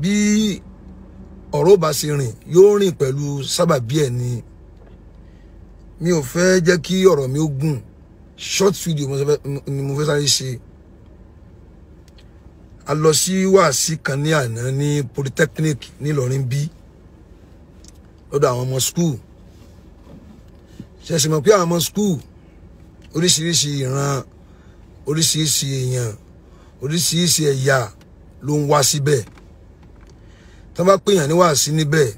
bí ọ̀rọ̀ bá ṣe rìn yóò rìn pẹ̀lú sábàbí ẹ̀ ni mi ò fẹ́ jẹ́ kí ọ̀rọ̀ mi ó gùn short video ni mo fẹ́ sáré ṣe a lọ sí wáàsí kan ní àná ní polytechnic nílọrin bí lọ́dọ̀ àwọn ọmọ school ṣẹ̀ṣẹ̀ mọ̀ pé àwọn ọmọ school oríṣiríṣi ìran oríṣiríṣi èèyàn oríṣiríṣi ẹ̀yà ló ń wá síbẹ̀. Si tó bá pèèyàn ní wàásí níbẹ̀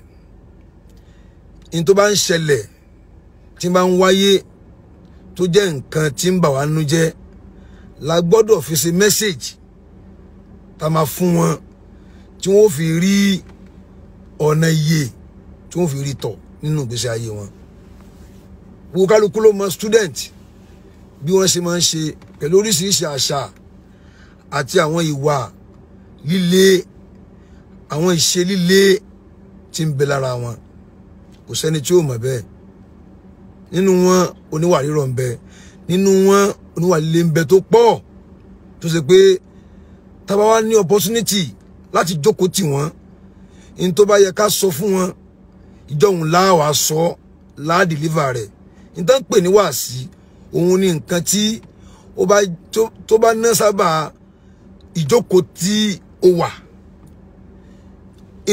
ní tó bá ń ṣẹlẹ̀ tí bá ń wáyé tó jẹ́ nǹkan tí ń bà wá nú jẹ́ la gbọ́dọ̀ fi ṣe mẹ́sẹ̀gì tá máa fún wọn tí wọ́n fi rí ọ̀nà iye tí wọ́n fi rí tọ̀ nínú ìgbésí ayé wọn gbogbo kálukú ló mọ student bí wọ́n ṣe máa ń ṣe pẹ̀lú oríṣiríṣi àṣà àti àwọn ìwà líle àwọn ìṣe líle tí ń bẹ lára wọn kò sẹ́ni tí ó mọ̀ bẹ́ẹ̀ nínú wọn oníwà rírọ̀ ń bẹ nínú wọn oníwà líle ń bẹ tó pọ̀ tó ṣe pé tábà wá ní opportunity láti jókòó tì wọ́n ní tó bá yẹ ká sọ fún wọn ìjọhùn láwàá sọ láà dìlíva rẹ̀ ní ń pè ní wàásì òun ni nǹkan tí ó bá tó bá ná sábà ìjókòó tí ó wà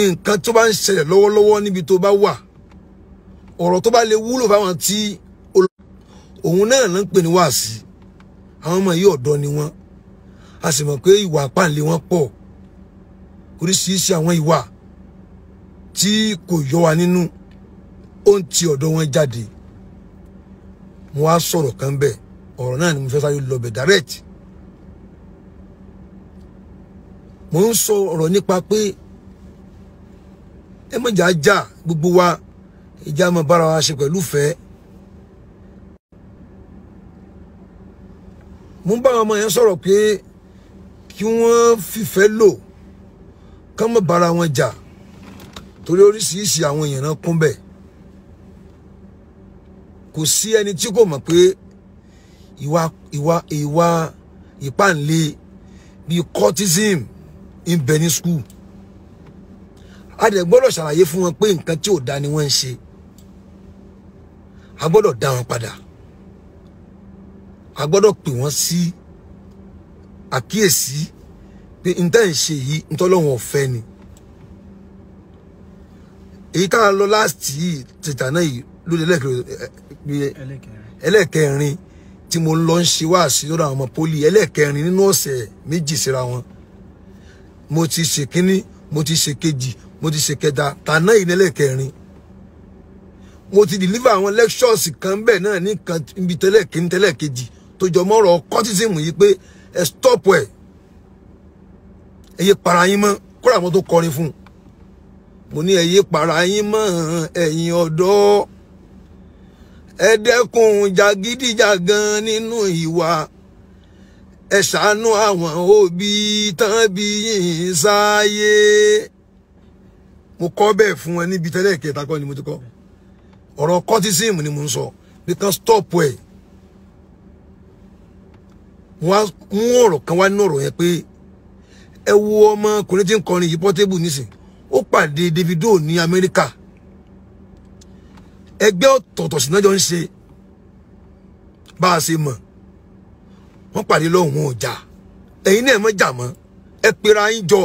nǹkan tó bá ń ṣẹlẹ̀ lọ́wọ́lọ́wọ́ níbi tó bá wà ọ̀rọ̀ tó bá lè wúlò fáwọn tí òun náà ló ń pè ní wáàsí àwọn ọmọ yìí ọ̀dọ́ ni wọ́n a sì mọ̀ pé ìwà àpáǹlé wọn pọ̀ oríṣiríṣi àwọn ìwà tí kò yọ wa nínú ó ń ti ọ̀dọ̀ wọn jáde mo wá sọ̀rọ̀ kan bẹ́ẹ̀ ọ̀rọ̀ náà ni mo fẹ́ sáré lọ bẹ̀ direct mo ń sọ ọ̀rọ̀ nípa pé ẹ má jà jà gbogbo wa ìjà máa bára wa ṣe pẹ̀lú fẹ́. mo ń bá àwọn ọmọ yẹn sọ̀rọ̀ pé kí wọ́n fìfẹ́ lò ká má bára wọn jà torí oríṣiríṣi àwọn èèyàn náà kún bẹ́ẹ̀ kò sí ẹni tí kò mọ̀ pé ìwà ìwà ìwà ìpànlé bíi cultism ń bẹ school a dẹ̀ gbọ́dọ̀ ṣàlàyé fún wọn pé nǹkan tí ò da ni wọ́n ń ṣe a gbọ́dọ̀ dá wọn padà a gbọ́dọ̀ pè wọ́n sí àkíyèsí pé n tẹ́ ń ṣe yìí n tọ́lọ́wọ́n ọ̀fẹ́ ni èyí tá a lọ láàsì yìí tètè náà yìí lóde ẹlẹ́kẹrin tí mo lọ ń ṣe wáàsí lọ́dọ̀ àwọn ọmọ pólì ẹlẹ́kẹrin nínú ọ̀sẹ̀ méjì síra wọn mo ti ṣèkíní mo ti ṣèkejì mo ti ṣe kẹta tàná ìnílẹ̀ kẹrin mo ti deliver àwọn lectures kan bẹ́ẹ̀ náà ní kan ibi tẹ́lẹ̀ kíní tẹ́lẹ̀ kejì tó jọ mọ́rọ̀ cortism yìí pé ẹ stop we. Eye yé para yín mọ́ kóra àwọn tó kọrin fún un mo ní ẹ yé para yín mọ́ ẹ̀yin ọ̀dọ́ ẹ dẹ́kun jàgídíjàgan nínú ìwà ẹ ṣàánú àwọn òbí tán bí yín sáyé mo kọ́ bẹ́ẹ̀ fún ẹ níbi tẹ́lẹ̀ kẹta kọ́ ni mo ti kọ́ ọ̀rọ̀ kọ́tísìmù ni mo ń sọ bí kan stop ẹ̀ wọ́n á mú ọ̀rọ̀ kan wá nínú ọ̀rọ̀ yẹn pé ẹ wo ọmọkùnrin tí ń kọrin yìí Portable nísìn ó pàdé Davido ní Amẹ́ríkà ẹgbẹ́ ọ̀tọ̀ọ̀tọ̀ sí náà jọ ń ṣe bá a ṣe mọ̀ wọ́n pàdé lọ́hùn ọjà ẹ̀yin náà ẹ má jà mọ́ ẹ pera yín jọ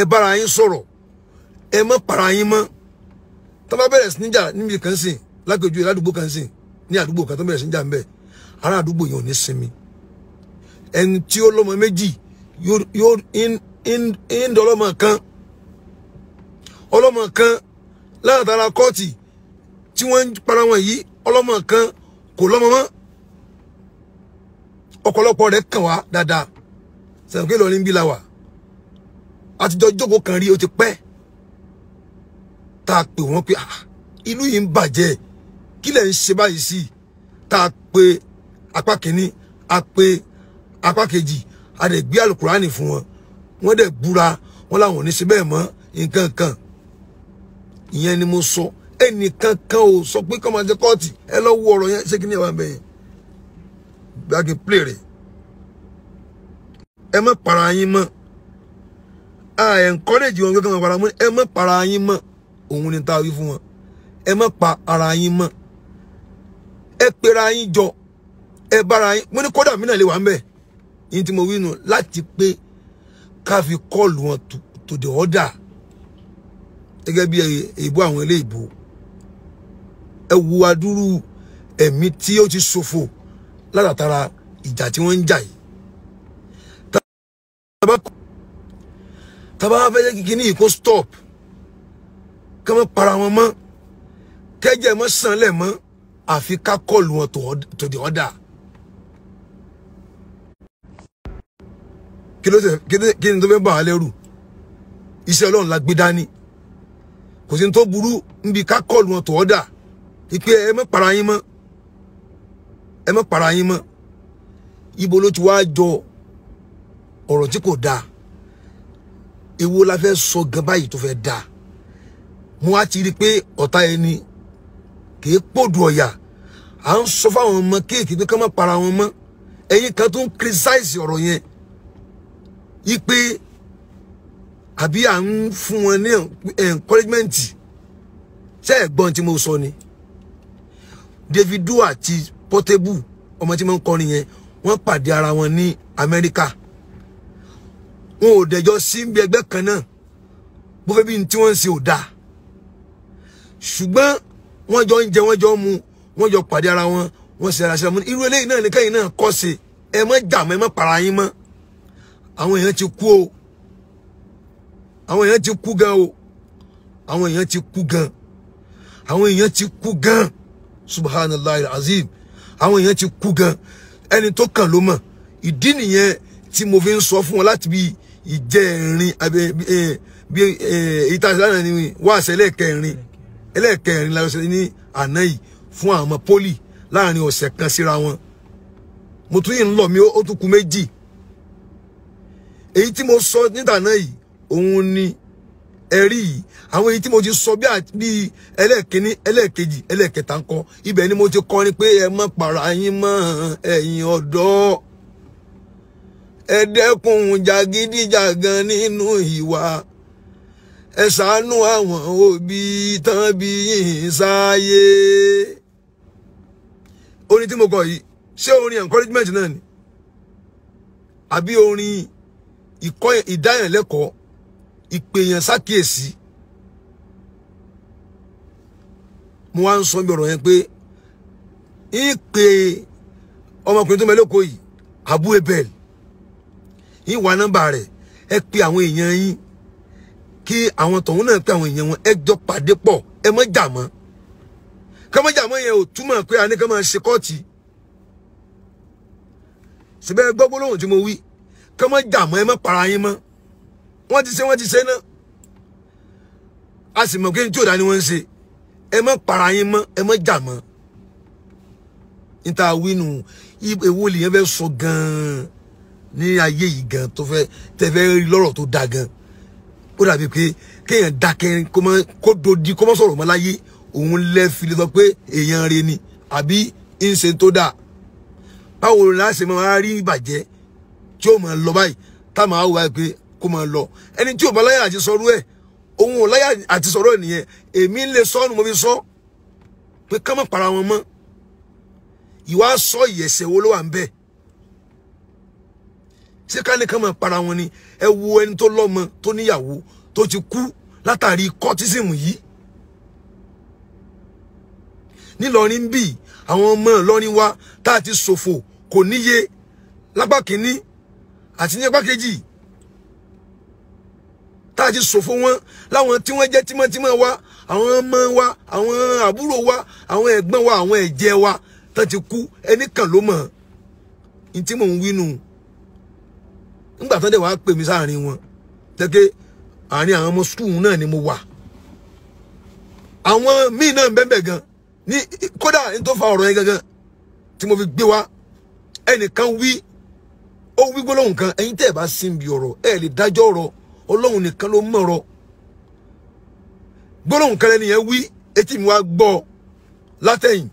ẹ bára yín sọ̀rọ̀ ẹ mọ́ para yín mọ́ tó bá bẹ̀rẹ̀ sí níjà níbi kan sìn lágbèjú ládùúgbò kan sìn ní àdúgbò kan tó bẹ̀rẹ̀ sí níjà ń bẹ̀ ará àdúgbò yẹn ò ní sinmi ẹni tí ó lọ́mọ méjì yóò ń dọ́lọ́mọ kan ọlọ́mọ kan látara kọ́ọ̀tì tí wọ́n ń para wọn yìí ọlọ́mọ kan kò lọ́mọ mọ́ ọ̀pọ̀lọpọ̀ rẹ̀ kàn wá dáadáa sẹ̀rọ̀ kí bí la wà àtijọ́ jókòó kan rí o ti pẹ́ tá a pè wọ́n pé ìlú ah, yìí ń bàjẹ́ kí lẹ̀ ń ṣe báyìí sí tá a pè apá kìíní a pè apá kejì a dẹ̀ gbé alukurani fún wọn wọ́n dẹ̀ búra wọ́n làwọn ò ní kan ìyẹn ni mo sọ ẹnìkan kan ò sọ pé kọ́mọ jẹ kọ́ọ̀tì ẹ lọ wo ọ̀rọ̀ yẹn ṣé kí ni ẹ wà bẹ́ẹ̀ gbàgé play rẹ̀ ẹ má para yín mọ́ à encourage wọn pé kọ́mọ para mọ́ ẹ má para yín mọ́ òun ni tá wí fún wọn ẹ má pa ara yín mọ́ ẹ pera yín jọ ẹ bára yín mo ní kódà mí náà lè wà ń bẹ̀ yín tí mo wí nù láti pé ká fi kọ́ọ̀lù wọn to the order gẹ́gẹ́ bí èèbó àwọn ilé ìbò ẹ wu adúrú ẹ̀mí tí ó ti ṣòfò látàtara ìjà tí wọ́n ń jà yìí tá fẹ́ jẹ́ kíkiní yìí kó stop kán mọ́ para wọn mọ́ kẹ́jẹ́ mọ́ sanlẹ̀ mọ́ àfi ká kọlù wọn to the order. kí ló kí ni tó fẹ́ bà á lẹ́rù iṣẹ́ ọlọ́run la gbé dání kò sí ní tó burú níbi ká kọlù wọn to order ìpè ẹ mọ́ para yín mọ́ ẹ mọ́ para yín mọ́ ibo ló ti wá jọ ọ̀rọ̀ tí kò dáa èwo la fẹ́ sọ gan báyìí tó fẹ́ dáa mo wá ti rí i pé ọ̀tá ẹni kìí pòdù ọ̀yà à ń sọ fáwọn ọmọ kéèkì pé ká má para wọn mọ́ ẹ̀yin kan tó ń criticize ọ̀rọ̀ yẹn yí pé àbí à ń fún wọn ní encouragement ṣé ẹ̀gbọ́n tí mo sọ ni Davido àti Portable ọmọ tí mo ń kọrin yẹn wọ́n pàdé ara wọn ní Amẹ́ríkà wọn ò dẹjọ́ sí ẹgbẹ́ kan náà bó tí wọ́n ń ṣe ò dáa ṣùgbọ́n wọ́n jọ ń jẹ wọ́n jọ ń mu wọ́n jọ pàdé ara wọn wọ́n ṣe ara ṣe ara wọn irú eléyìí náà nìkan yìí náà kọ́ sí ẹ mọ́ jà mọ́ ẹ mọ́ para yín mọ́ àwọn èèyàn ti kú o àwọn èèyàn ti kú gan o àwọn èèyàn ti kú gan àwọn èèyàn ti kú gan subhanallah azim àwọn èèyàn ti kú gan ẹni tó kàn ló mọ̀ ìdí nìyẹn tí mo fi ń sọ fún wọn láti bí ìjẹrin àbí bí èyí tá a ṣe ni wọ́n àṣẹ lẹ́ẹ̀kẹrin ẹlẹ́ẹ̀kẹrin la ṣe ní àná yìí fún àwọn ọmọ pólì láàrin ọ̀sẹ̀ kan síra wọn mo tún yìí ń lọ mi ó tún kù méjì èyí tí mo sọ nídàná yìí òun ni ẹ̀rí yìí àwọn èyí tí mo ti sọ bí ẹlẹ́ẹ̀kíní ẹlẹ́ẹ̀kejì ẹlẹ́ẹ̀kẹta ń kọ́ ibẹ̀ ni mo ti kọ́ ni pé ẹ má para yín mọ́ ẹ̀yin ọ̀dọ́ ẹ dẹ́kun jàgídíjàgan nínú ìwà e ṣàánú àwọn òbí tán bí yìnyín sáyé orin tí mo kọ yìí ṣé orin encouragement náà ni àbí orin ìdáyànlẹ́kọ̀ọ́ ìpèyàn sákìyèsí mo wá ń sọ bí ọ̀rọ̀ yẹn pé ìpè ọmọkùnrin tó yìí abu ebel ẹ àwọn èèyàn kí àwọn tọ̀hún náà pé àwọn èèyàn wọn ẹ jọ pàdé pọ̀ ẹ mọ́ jà mọ́ kọ́mọ́jà mọ́ yẹn ò túmọ̀ pé a ní ká máa ṣe kọ́ọ̀tì síbẹ̀ gbọ́ gbólóhùn tí mo wí kọ́mọ́jà mọ́ ẹ mọ́ para yín mọ́ wọ́n ti ṣe wọ́n ti ṣe náà a sì mọ̀ pé ní tí ò dá ni wọ́n ń ṣe ẹ mọ́ para yín mọ́ ẹ mọ́ jà mọ́ níta wínú ewu lèyàn fẹ́ sọ gan-an ní ayé yìí gan tó fẹ́ tẹ́ fẹ́ rí lọ́rọ̀ tó dáa gan-an ó dàbí pé kéèyàn dákẹ́ kó dodi kó mọ́ sọ̀rọ̀ mọ́ láyé òun lẹ́ fi lè sọ pé èèyàn rẹ ni àbí ń ṣe tó dáa báwo ni láṣẹ máa rí ìbàjẹ́ tí ó máa lọ báyìí tá máa wà pé kó máa lọ ẹni tí ò bá láyà àti sọrú ẹ̀ òun ò láyà àti sọ̀rọ̀ nìyẹn èmi ń lè sọ́ọ̀nù mo fi sọ pé ká má para wọn mọ́ ìwà sọ ìyẹ̀sẹ̀ wo ló wà ń bẹ́ẹ̀ ṣé ká nìkan máa para wọn ni ẹ wo ẹni tó lọ́mọ tó níyàwó tó ti kú látàrí kọ́tísìmù yìí nílọrin bíi àwọn ọmọ ìlọrin wa tá a ti ṣòfò kò níye lápá kínní àti ní apá kejì tá a ti ṣòfò wọn láwọn tí wọ́n jẹ́ tímọ́tímọ́ wa àwọn ọmọ wa àwọn àbúrò wa àwọn ẹ̀gbọ́n wa àwọn ẹ̀jẹ̀ wa tán ti kú ẹnìkan ló mọ̀ ní tí mò ń wí nù nígbà tán dẹ̀ wá pè mí sáàrin wọn tẹ́kẹ́ àárín àwọn ọmọ skul náà ni mo wà àwọn míì náà ń bẹ́ẹ̀ gan ní kódà ní tó fa ọ̀rọ̀ yẹn gangan tí mo fi gbé wá ẹnìkan wí ó wí gbólóhùn kan ẹ̀yin tẹ́ ẹ̀ bá síbi ọ̀rọ̀ ẹ̀ lè dájọ́ ọ̀rọ̀ ọlọ́run nìkan ló mọ̀ ọ̀rọ̀ gbólóhùn kan ẹni yẹn wí mi wá gbọ́ látẹ̀yìn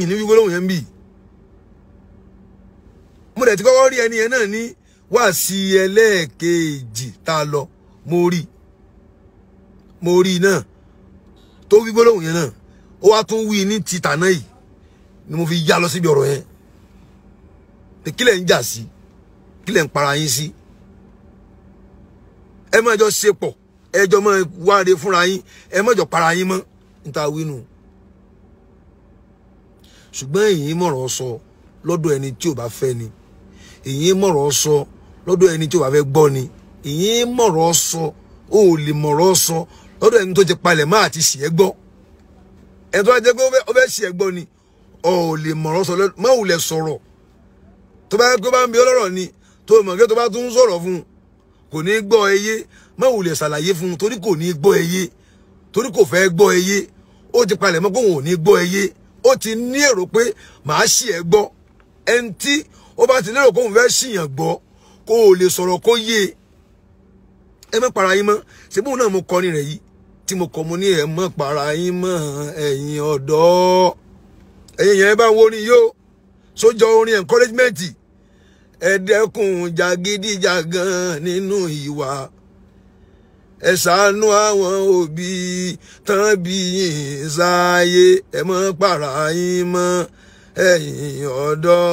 ìní wí yẹn bíi mo dẹ̀ ti kọ́kọ́ rí ẹni yẹn náà ní wáàsí ẹlẹ́ẹ̀kejì tá a lọ mo rí mo rí náà tó wí gbólóhùn yẹn náà ó wá tún wí ní ti tàná yìí ni mo fi yá lọ síbi ọ̀rọ̀ yẹn pé kílẹ̀ ń jà sí kílẹ̀ ń para yín sí ẹ má jọ ṣe pọ̀ ẹ jọ máa wáre fúnra yín ẹ má jọ para yín mọ́ níta wínú ṣùgbọ́n èyí mọ̀ràn sọ lọ́dọ̀ ẹni tí ò bá fẹ́ ni. ìyín mọ̀rọ̀ sọ lọ́dọ̀ ẹni tí o bá fẹ́ gbọ́ ni ìyín mọ̀rọ̀ sọ o ò lè mọ̀rọ̀ sọ lọ́dọ̀ ẹni tó ti palẹ̀ máa ti ṣì ẹ́ gbọ́ ẹni tó ó ni o ò lè mọ̀rọ̀ sọ má sọ̀rọ̀ tó ni tó mọ̀ kí fún un kò ní gbọ́ ẹyé má fún un torí kò ní gbọ́ ẹyé torí kò ó ó ó bá ti lérò kó òun fẹ́ ṣìyàn gbọ́ kó o lè sọ̀rọ̀ kó yé e. ẹ mọ́ para yín mọ́ ṣùgbọ́n náà mo kọrin rẹ̀ yìí tí mo kọ́ mo ní ẹ mọ́ para yín mọ́ ẹ̀yin ọ̀dọ́ ẹ̀yin yẹn bá ń wo orin yóò sójọ orin encouragement ẹ dẹ́kun nínú ìwà ẹ ṣàánú àwọn òbí tán bí yín sáyé ẹ mọ́ para yín mọ́ ẹ̀yin ọ̀dọ́.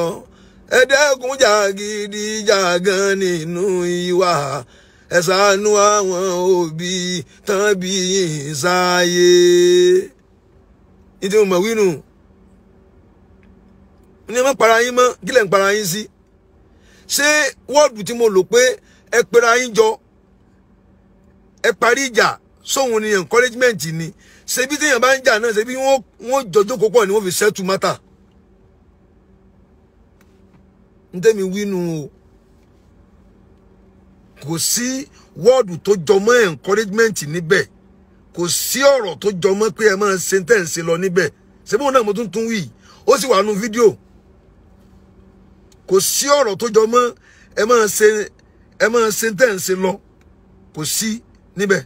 ẹ̀ẹ́dẹ́kun jàgídí jàgan nínú ìwà ẹ ṣàánú àwọn òbí tán bí yín ìdí mo wínú ní ẹ má para yín mọ́ kí lẹ̀ ń para yín sí. ṣé wọ́ọ̀dù mo lò pé ẹ pera yín jọ ẹ parí ìjà ni encouragement ni ṣebí téèyàn bá ń jà náà ṣebí wọ́n jọjọ́ ni wọ́n fi settle ntẹ́mi wínú o kò sí wọ́ọ̀dù tó jọmọ́ encouragement níbẹ̀ kò sí ọ̀rọ̀ tó jọmọ́ pé ẹ máa ṣe tẹ́ ń ṣe lọ níbẹ̀ sẹ́bùn náà mo tún tún wí ó sì wà nù fídíò kò sí ọ̀rọ̀ tó jọmọ́ ẹ máa ṣe ẹ máa ṣe tẹ́ ń ṣe lọ kò sí níbẹ̀.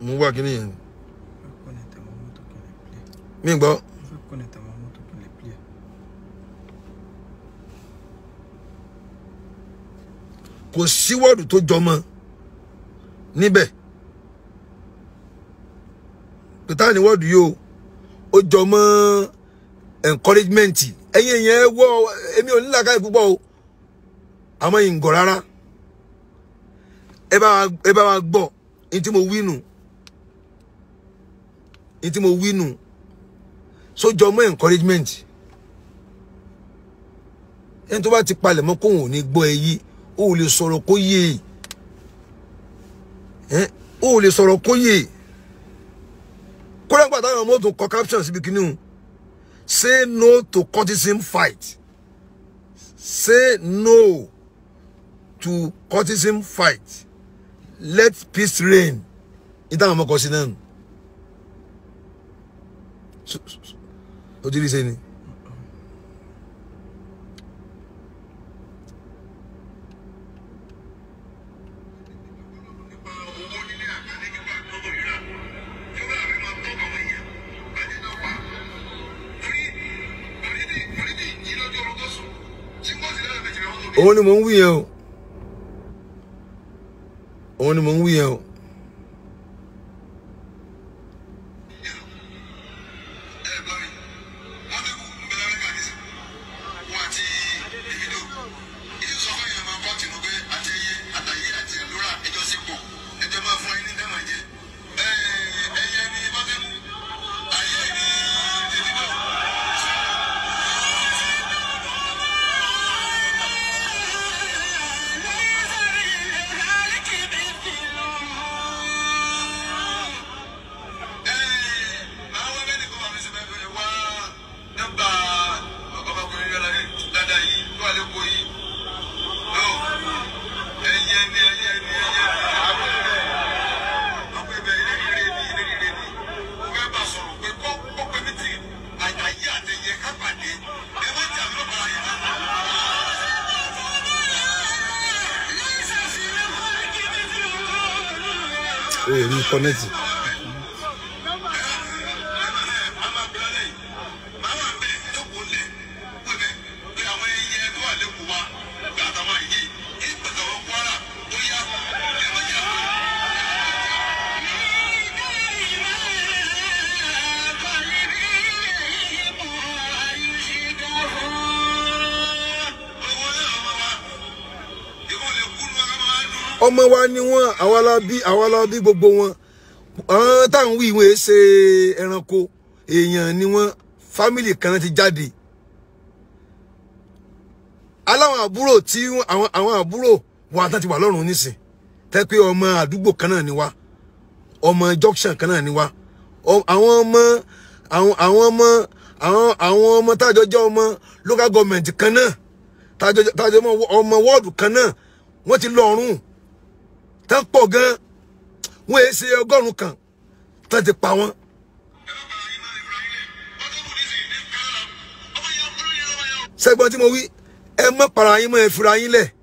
mo wá kíní yẹn. mi gbọ́. kò sí wọ́ọ̀dù tó jọmọ níbẹ̀ tòtá ni wọ́ọ̀dù yìí o ó jọmọ encouragement ẹ̀yin èèyàn wọ́ èmi ò nílà káyọ̀ púpọ̀ o àmọ́ ìǹgọ̀ rárá ẹ bá wa gbọ́ ní tí mo wí nù ní tí mo wí nù sójọ mọ́ encouragement ẹni tó bá ti palẹ̀ mọ́ kóhùn ní gbọ́ ẹ yí o ò lè sọ̀rọ̀ kó yé e o ò lè sọ̀rọ̀ kó yé e kúrẹ́pà táwọn ọmọ òtún kọ caption síbi kìíní o say no to courtesan fight say no to courtesan fight let peace reign ní táwọn ọmọ sí náà ojú rí ṣe ni. òun ni mò ń wí yẹn o òun ni mò ń wí yẹn o. 我那几。ọmọ wa ni wọ́n àwa la bí àwa la bí gbogbo wọn àwọn táwọn wí ìwé ṣe ẹranko èèyàn ni wọ́n fámìlì kan ti jáde aláwọn àbúrò tí àwọn àbúrò wa tán ti wà lọ́rùn nísìn tẹ́ pé ọmọ àdúgbò kan náà ni wa ọmọ junction kan náà ni wa àwọn ọmọ àwọn àwọn ọmọ àwọn àwọn ọmọ tájọ jẹ́ ọmọ local government kan náà tájọ tájọ ọmọ wọ́ọ̀dù kan náà wọ́n ti lọ́rùn tán pọ̀ gan wọ́n èé ṣe ọgọ́rùn kan tán ti pa wọ́n. sẹ́gbọ́n tí mo wí ẹ mọ́ para yín mọ́ ẹ fura yín lẹ̀.